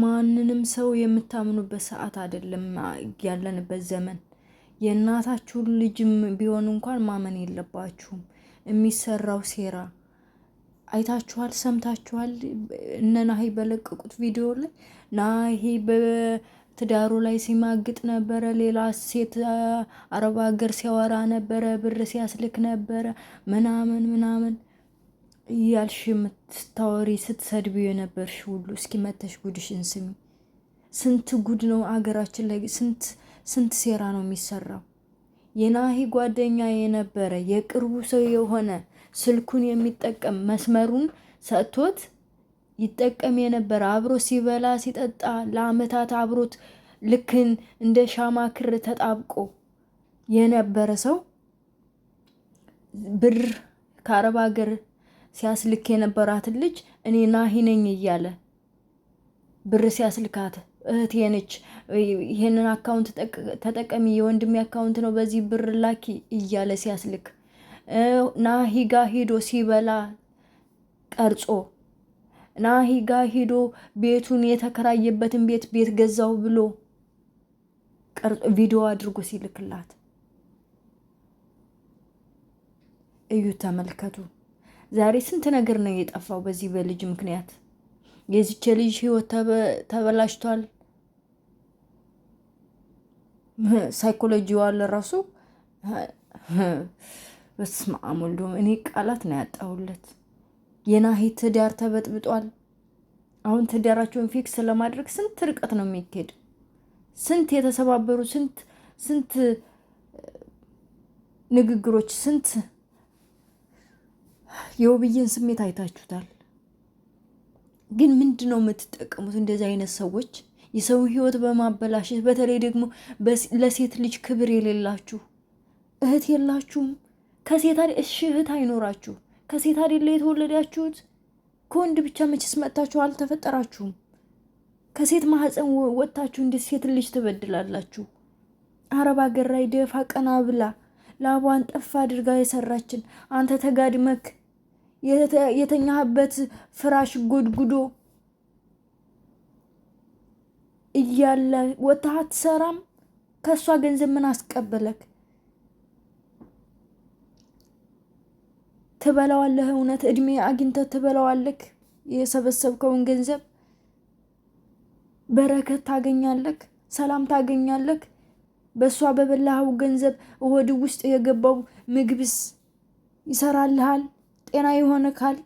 ማንንም ሰው የምታምኑበት ሰዓት አይደለም ያለንበት ዘመን። የእናታችሁን ልጅም ቢሆን እንኳን ማመን የለባችሁም። የሚሰራው ሴራ አይታችኋል፣ ሰምታችኋል። እነ ናሂ በለቀቁት ቪዲዮ ላይ ናሂ በትዳሩ ላይ ሲማግጥ ነበረ፣ ሌላ ሴት አረብ ሀገር ሲያወራ ነበረ፣ ብር ሲያስልክ ነበረ ምናምን ምናምን እያልሽ የምትታወሪ ስትሰድቢው የነበርሽ ሁሉ እስኪ መተሽ ጉድሽን ስሚ። ስንት ጉድ ነው አገራችን ላይ ስንት ስንት ሴራ ነው የሚሰራው። የናሂ ጓደኛ የነበረ የቅርቡ ሰው የሆነ ስልኩን የሚጠቀም መስመሩን ሰጥቶት ይጠቀም የነበረ አብሮ ሲበላ ሲጠጣ ለአመታት አብሮት ልክን እንደ ሻማ ክር ተጣብቆ የነበረ ሰው ብር ከአረብ ሀገር ሲያስልክ የነበራትን ልጅ እኔ ናሂ ነኝ እያለ ብር ሲያስልካት እህቴ ነች፣ ይሄንን አካውንት ተጠቀሚ፣ የወንድሜ አካውንት ነው፣ በዚህ ብር ላኪ እያለ ሲያስልክ ናሂ ጋ ሂዶ ሲበላ ቀርጾ ናሂ ጋ ሂዶ ቤቱን የተከራየበትን ቤት ቤት ገዛው ብሎ ቪዲዮ አድርጎ ሲልክላት እዩ፣ ተመልከቱ። ዛሬ ስንት ነገር ነው የጠፋው በዚህ በልጅ ምክንያት። የዚች ልጅ ህይወት ተበላሽቷል። ሳይኮሎጂዋ ለራሱ በስመ አብ ወልዶ እኔ ቃላት ነው ያጣሁለት። የናሄ ትዳር ተበጥብጧል። አሁን ትዳራቸውን ፊክስ ለማድረግ ስንት ርቀት ነው የሚሄድ? ስንት የተሰባበሩ ስንት ስንት ንግግሮች ስንት የውብዬን ስሜት አይታችሁታል። ግን ምንድን ነው የምትጠቀሙት? እንደዚህ አይነት ሰዎች የሰው ህይወት በማበላሸት በተለይ ደግሞ ለሴት ልጅ ክብር የሌላችሁ እህት የላችሁም። ከሴት እሺ እህት አይኖራችሁ። ከሴት አይደለ የተወለዳችሁት? ከወንድ ብቻ መቼስ መጥታችሁ አልተፈጠራችሁም። ከሴት ማህፀን ወጥታችሁ እንዴት ሴት ልጅ ትበድላላችሁ? አረብ ሀገር ላይ ደፋ ቀና ብላ ላቧን ጠፍ አድርጋ የሰራችን አንተ ተጋድመክ የተኛህበት ፍራሽ ጎድጉዶ እያለ ወጥተህ አትሰራም። ከእሷ ገንዘብ ምን አስቀበለክ? ትበላዋለህ? እውነት እድሜ አግኝተህ ትበላዋለክ? የሰበሰብከውን ገንዘብ በረከት ታገኛለክ፣ ሰላም ታገኛለክ። በእሷ በበላኸው ገንዘብ ወድ ውስጥ የገባው ምግብስ ይሰራልሃል? ጤና የሆነ ካል